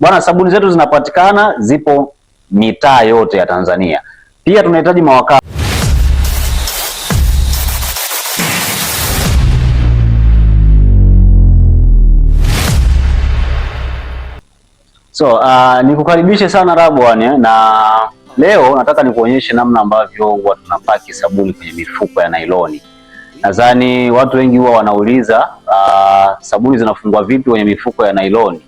Bwana, sabuni zetu zinapatikana, zipo mitaa yote ya Tanzania. Pia tunahitaji mawakala So uh, nikukaribishe sana Rabaone, eh, na leo nataka nikuonyeshe namna ambavyo huwa tunapaki sabuni kwenye mifuko ya nailoni. Nadhani watu wengi huwa wanauliza uh, sabuni zinafungwa vipi kwenye mifuko ya nailoni?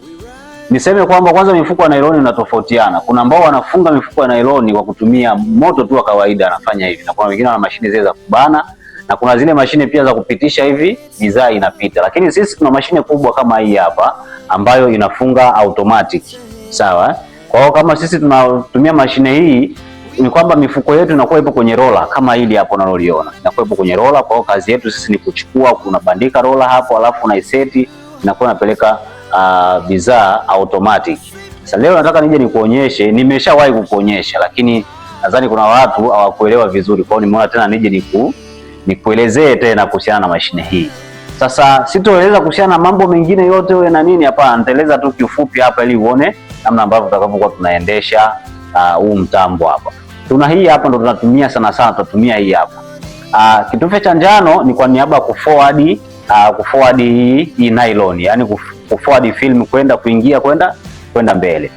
Niseme kwamba kwanza mifuko ya nailoni inatofautiana. Kuna ambao wanafunga mifuko ya nailoni kwa kutumia moto tu wa kawaida, anafanya hivi, na kuna wengine wana mashine zile za kubana, na kuna zile mashine pia za kupitisha hivi bidhaa inapita. Lakini sisi tuna mashine kubwa kama hii hapa ambayo inafunga automatic, sawa. Kwa hiyo kama sisi tunatumia mashine hii ni kwamba mifuko yetu inakuwa ipo kwenye rola kama hili hapo unaloliona, inakuwa ipo kwenye rola. Kwa hiyo kazi yetu sisi ni kuchukua, kunabandika rola hapo, alafu unaiseti inakuwa inapeleka uh, bidhaa automatic. Sasa leo nataka nije nikuonyeshe, nimeshawahi kukuonyesha, lakini nadhani kuna watu hawakuelewa vizuri, kwa hiyo nimeona tena nije niku nikuelezee tena kuhusiana na mashine hii. Sasa sitoeleza kuhusiana na mambo mengine yote wewe na nini, hapana, nitaeleza tu kiufupi hapa ili uone namna ambavyo tutakavyokuwa tunaendesha uh, huu uh, mtambo hapa. Tuna hii hapa ndo tunatumia sana sana, tutatumia hii hapa. Uh, kitufe cha njano ni kwa niaba ya kuforward uh, kuforward hii, hii nylon, yani kuforward film kwenda kuingia kwenda kwenda mbele.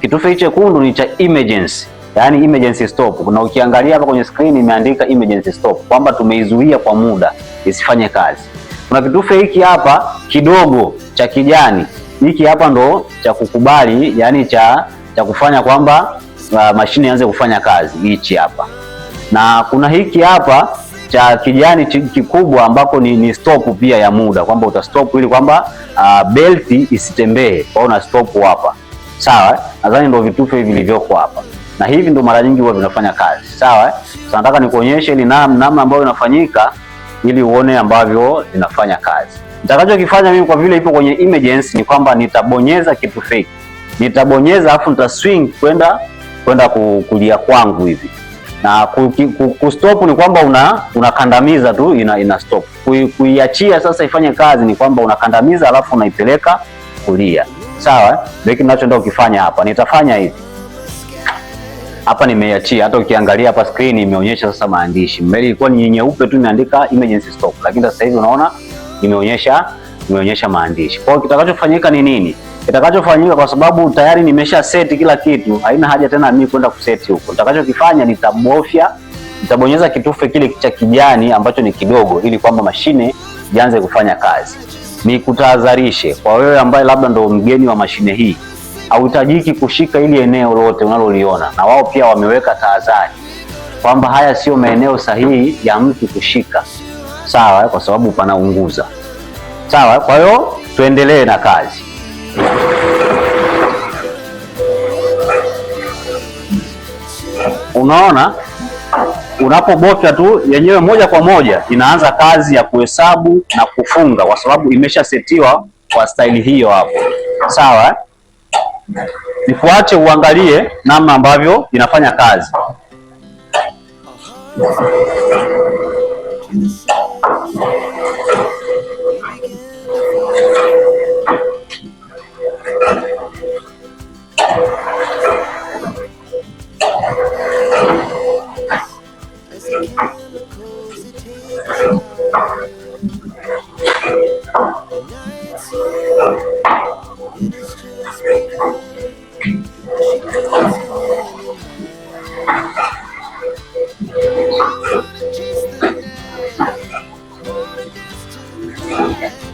Kitufe chekundu ni cha emergency, yani emergency stop. Kuna ukiangalia hapa kwenye screen imeandika emergency stop, kwamba tumeizuia kwa muda isifanye kazi. Kuna kitufe hiki hapa kidogo cha kijani, hiki hapa ndo cha kukubali, yani cha cha kufanya kwamba uh, mashine ianze kufanya kazi, hichi hapa na kuna hiki hapa cha kijani kikubwa ambako ni, ni stop pia ya muda kwamba uta stop ili kwamba uh, belt isitembee kwa una stop hapa sawa. Nadhani ndio vitufe hivi vilivyoko hapa na hivi ndio mara nyingi huwa vinafanya kazi sawa. Sasa nataka nikuonyeshe ili namna ambayo inafanyika ili uone ambavyo inafanya kazi. Nitakachokifanya mimi kwa vile ipo kwenye emergency ni kwamba nitabonyeza kitu fake, nitabonyeza afu nita swing kwenda kwenda kulia kwangu hivi na kustop ni kwamba una unakandamiza tu ina, ina stop. Kuiachia sasa ifanye kazi ni kwamba unakandamiza alafu unaipeleka kulia, sawa. Ndio kinachoenda ukifanya hapa, nitafanya hivi hapa nimeiachia. Hata ukiangalia hapa screen imeonyesha sasa maandishi, mbele ilikuwa ni nyeupe tu imeandika emergency stop, lakini sasa hivi unaona imeonyesha nimeonyesha maandishi. Kwa hiyo kitakachofanyika ni nini? Kitakachofanyika kwa sababu tayari nimesha seti kila kitu, haina haja tena mimi kwenda kuseti huko. Nitakachokifanya nitabofya, nitabonyeza kitufe kile cha kijani ambacho ni kidogo, ili kwamba mashine ianze kufanya kazi. Nikutahadharishe kwa wewe ambaye labda ndo mgeni wa mashine hii, hauhitajiki kushika ili eneo lote unaloliona, na wao pia wameweka tahadhari kwamba haya sio maeneo sahihi ya mtu kushika, sawa, kwa sababu panaunguza. Sawa, kwa hiyo tuendelee na kazi. Unaona, unapobofya tu yenyewe moja kwa moja inaanza kazi ya kuhesabu na kufunga, kwa sababu imeshasetiwa kwa staili hiyo hapo. Sawa, nikuache uangalie namna ambavyo inafanya kazi. Thank okay. you.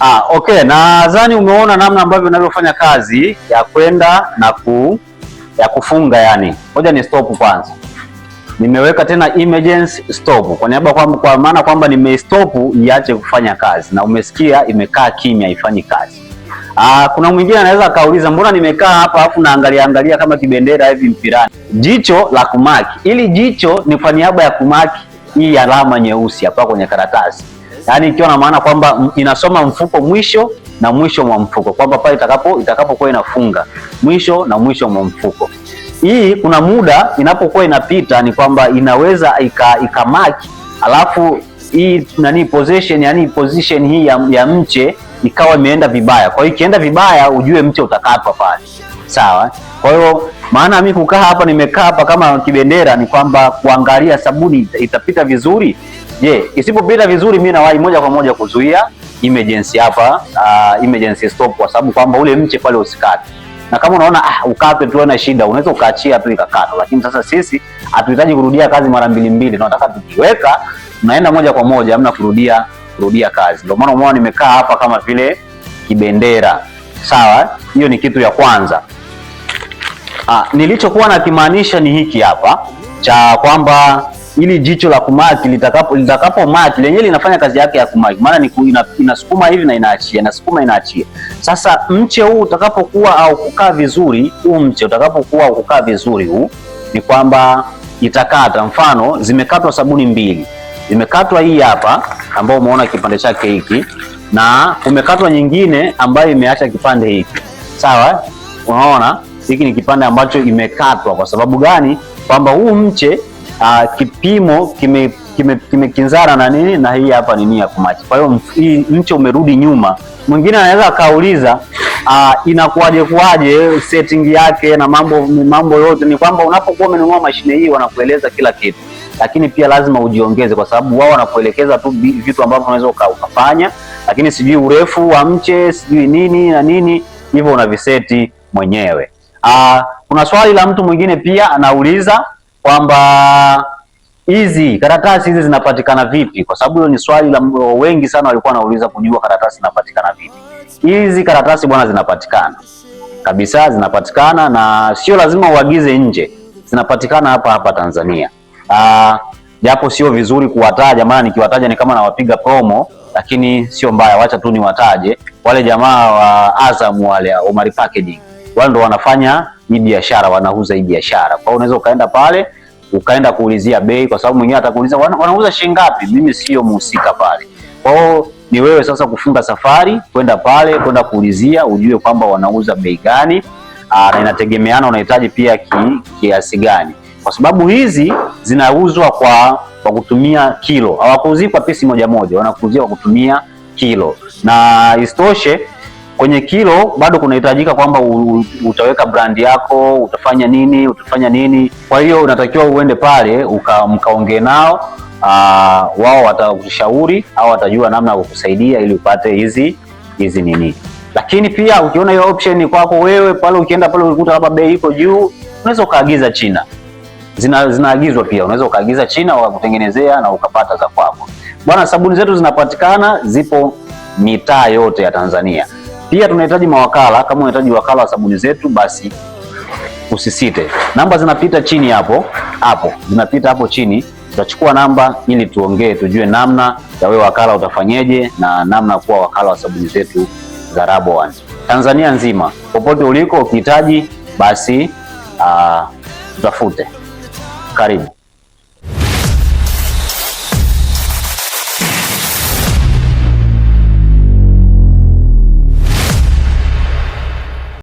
Ah, okay, nadhani umeona namna ambavyo unavyofanya kazi ya kwenda na ku, ya kufunga yani. Ngoja ni stop kwanza. Nimeweka tena emergency stop kwa niaba kwa, kwa maana kwamba nime stop iache kufanya kazi na umesikia imekaa kimya haifanyi kazi. Ah, kuna mwingine anaweza akauliza mbona nimekaa hapa afu naangalia angalia kama kibendera hivi mpirani. Jicho la kumaki, ili jicho ni kwa niaba ya kumaki hii alama nyeusi hapa kwenye karatasi, yaani ikiwa na maana kwamba inasoma mfuko mwisho na mwisho mwa mfuko, kwamba pale itakapo itakapokuwa inafunga mwisho na mwisho mwa mfuko hii kuna muda inapokuwa inapita ni kwamba inaweza ikamaki ika alafu hii nani position, yani position hii ya, ya mche ikawa imeenda vibaya. Kwa hiyo ikienda vibaya, ujue mti utakatwa pale, sawa. Eh? Kwa hiyo maana mimi kukaa hapa, nimekaa hapa kama kibendera, ni kwamba kuangalia sabuni itapita vizuri. Je, yeah, isipopita vizuri, mimi nawahi moja kwa moja kuzuia emergency hapa, uh, emergency stop, kwa sababu kwamba ule mche pale usikate na kama unaona ah, ukate tu na shida, unaweza ukaachia tu ikakata. Lakini sasa sisi hatuhitaji kurudia kazi mara mbili mbili, tunataka tukiweka, mnaenda moja kwa moja, hamna kurudia kurudia kazi. Ndio maana umeona nimekaa hapa kama vile kibendera. Sawa, hiyo ni kitu ya kwanza. Ah, nilichokuwa nakimaanisha ni hiki hapa cha kwamba ili jicho la kumaki litakapo litakapo maki lenyewe linafanya kazi yake ya kumaki, maana ni inasukuma hivi na inaachia, inasukuma inaachia. Sasa mche huu utakapokuwa au kukaa vizuri, huu mche utakapokuwa au kukaa vizuri, huu ni kwamba itakata. Mfano, zimekatwa sabuni mbili imekatwa hii hapa ambayo umeona kipande chake hiki, na umekatwa nyingine ambayo imeacha kipande hiki. Sawa, unaona hiki ni kipande ambacho imekatwa. Kwa sababu gani? Kwamba huu mche uh, kipimo kime kimekinzana kime na nini na hii hapa nini ya kumachi. Kwa hiyo hii mche umerudi nyuma. Mwingine anaweza akauliza uh, inakuwaje kuwaje setting yake na mambo mambo yote. Ni kwamba unapokuwa umenunua mashine hii wanakueleza kila kitu lakini pia lazima ujiongeze, kwa sababu wao wanakuelekeza tu vitu ambavyo unaweza ukafanya, lakini sijui urefu wa mche sijui nini na nini, hivyo unaviseti mwenyewe. Aa, ah, kuna swali la mtu mwingine pia anauliza kwamba hizi karatasi hizi zinapatikana vipi? Kwa sababu hilo ni swali la wengi sana walikuwa wanauliza kujua karatasi zinapatikana vipi. Hizi karatasi bwana, zinapatikana kabisa, zinapatikana na sio lazima uagize nje, zinapatikana hapa hapa Tanzania. Ah, japo sio vizuri kuwataja, jamani, kiwataja ni kama nawapiga promo, lakini sio mbaya, wacha tu niwataje wale jamaa wa Azam wale Omar Packaging, wale ndo wanafanya hii biashara, wanauza hii biashara. Kwa hiyo unaweza ukaenda pale ukaenda kuulizia bei, kwa sababu mwenyewe atakuuliza wana, wanauza shilingi ngapi. Mimi sio muhusika pale, kwa hiyo ni wewe sasa kufunga safari kwenda pale kwenda kuulizia, ujue kwamba wanauza bei gani ah, na inategemeana unahitaji pia kiasi gani kwa sababu hizi zinauzwa kwa kwa kutumia kilo, hawakuuzii kwa pisi moja moja, wanakuuzia kwa kutumia kilo, na isitoshe kwenye kilo bado kunahitajika kwamba utaweka brand yako, utafanya nini, utafanya nini. Kwa hiyo unatakiwa uende pale mkaongee nao, wao watakushauri au watajua namna ya kukusaidia ili upate hizi hizi nini. Lakini pia ukiona hiyo option kwako wewe, pale ukienda pale ulikuta labda bei iko juu, unaweza ukaagiza China zinaagizwa pia, unaweza ukaagiza China wakakutengenezea na ukapata za kwako bwana. Sabuni zetu zinapatikana, zipo mitaa yote ya Tanzania. Pia tunahitaji mawakala. Kama unahitaji wakala wa sabuni zetu, basi usisite, namba zinapita chini hapo hapo, zinapita hapo chini. Tutachukua namba ili tuongee, tujue namna ya wewe wakala utafanyeje na namna kuwa wakala wa sabuni zetu za Raboone Tanzania nzima. Popote uliko ukihitaji, basi uh, ah, tutafute. Karim.